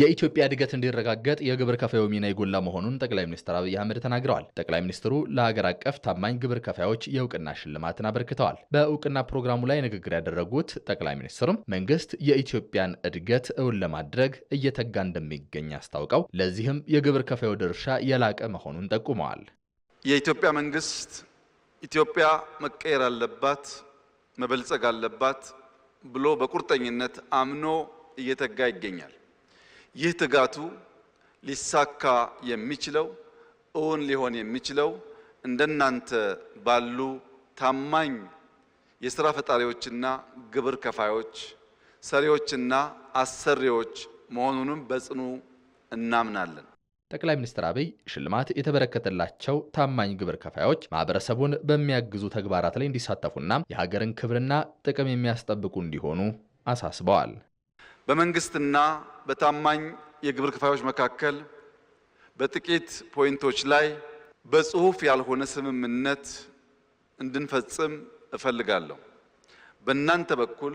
የኢትዮጵያ እድገት እንዲረጋገጥ የግብር ከፋዩ ሚና የጎላ መሆኑን ጠቅላይ ሚኒስትር አብይ አህመድ ተናግረዋል። ጠቅላይ ሚኒስትሩ ለሀገር አቀፍ ታማኝ ግብር ከፋዮች የእውቅና ሽልማትን አበርክተዋል። በእውቅና ፕሮግራሙ ላይ ንግግር ያደረጉት ጠቅላይ ሚኒስትሩም መንግስት የኢትዮጵያን እድገት እውን ለማድረግ እየተጋ እንደሚገኝ አስታውቀው ለዚህም የግብር ከፋዩ ድርሻ የላቀ መሆኑን ጠቁመዋል። የኢትዮጵያ መንግስት ኢትዮጵያ መቀየር አለባት፣ መበልጸግ አለባት ብሎ በቁርጠኝነት አምኖ እየተጋ ይገኛል። ይህ ትጋቱ ሊሳካ የሚችለው እውን ሊሆን የሚችለው እንደናንተ ባሉ ታማኝ የስራ ፈጣሪዎችና ግብር ከፋዮች፣ ሰሪዎችና አሰሪዎች መሆኑንም በጽኑ እናምናለን። ጠቅላይ ሚኒስትር አብይ ሽልማት የተበረከተላቸው ታማኝ ግብር ከፋዮች ማህበረሰቡን በሚያግዙ ተግባራት ላይ እንዲሳተፉና የሀገርን ክብርና ጥቅም የሚያስጠብቁ እንዲሆኑ አሳስበዋል። በመንግስትና በታማኝ የግብር ከፋዮች መካከል በጥቂት ፖይንቶች ላይ በጽሁፍ ያልሆነ ስምምነት እንድንፈጽም እፈልጋለሁ። በእናንተ በኩል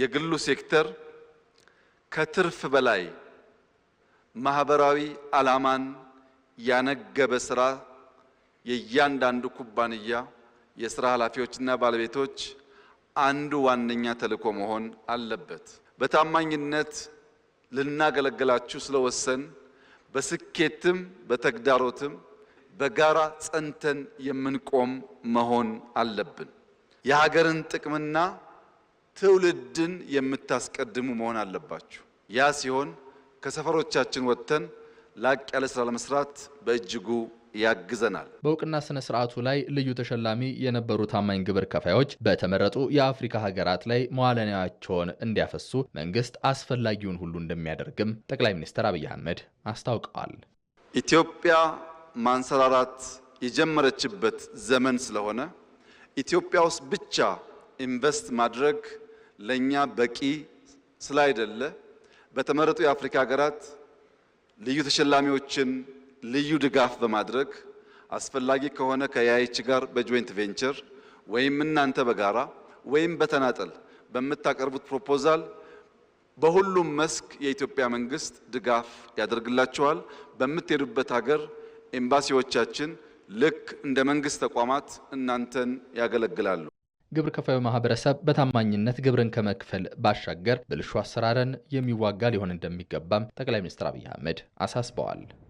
የግሉ ሴክተር ከትርፍ በላይ ማህበራዊ ዓላማን ያነገበ ስራ የእያንዳንዱ ኩባንያ የስራ ኃላፊዎችና ባለቤቶች አንዱ ዋነኛ ተልዕኮ መሆን አለበት። በታማኝነት ልናገለግላችሁ ስለወሰን በስኬትም በተግዳሮትም በጋራ ጸንተን የምንቆም መሆን አለብን። የሀገርን ጥቅምና ትውልድን የምታስቀድሙ መሆን አለባችሁ። ያ ሲሆን ከሰፈሮቻችን ወጥተን ላቅ ያለ ስራ ለመስራት በእጅጉ ያግዘናል። በእውቅና ስነ ስርዓቱ ላይ ልዩ ተሸላሚ የነበሩ ታማኝ ግብር ከፋዮች በተመረጡ የአፍሪካ ሀገራት ላይ መዋለ ንዋያቸውን እንዲያፈሱ መንግስት አስፈላጊውን ሁሉ እንደሚያደርግም ጠቅላይ ሚኒስትር አብይ አህመድ አስታውቀዋል። ኢትዮጵያ ማንሰራራት የጀመረችበት ዘመን ስለሆነ ኢትዮጵያ ውስጥ ብቻ ኢንቨስት ማድረግ ለእኛ በቂ ስላይደለ በተመረጡ የአፍሪካ ሀገራት ልዩ ተሸላሚዎችን ልዩ ድጋፍ በማድረግ አስፈላጊ ከሆነ ከያይች ጋር በጆይንት ቬንቸር ወይም እናንተ በጋራ ወይም በተናጠል በምታቀርቡት ፕሮፖዛል በሁሉም መስክ የኢትዮጵያ መንግስት ድጋፍ ያደርግላችኋል። በምትሄዱበት ሀገር ኤምባሲዎቻችን ልክ እንደ መንግስት ተቋማት እናንተን ያገለግላሉ። ግብር ከፋዩ ማህበረሰብ በታማኝነት ግብርን ከመክፈል ባሻገር ብልሹ አሰራርን የሚዋጋ ሊሆን እንደሚገባም ጠቅላይ ሚኒስትር አብይ አህመድ አሳስበዋል።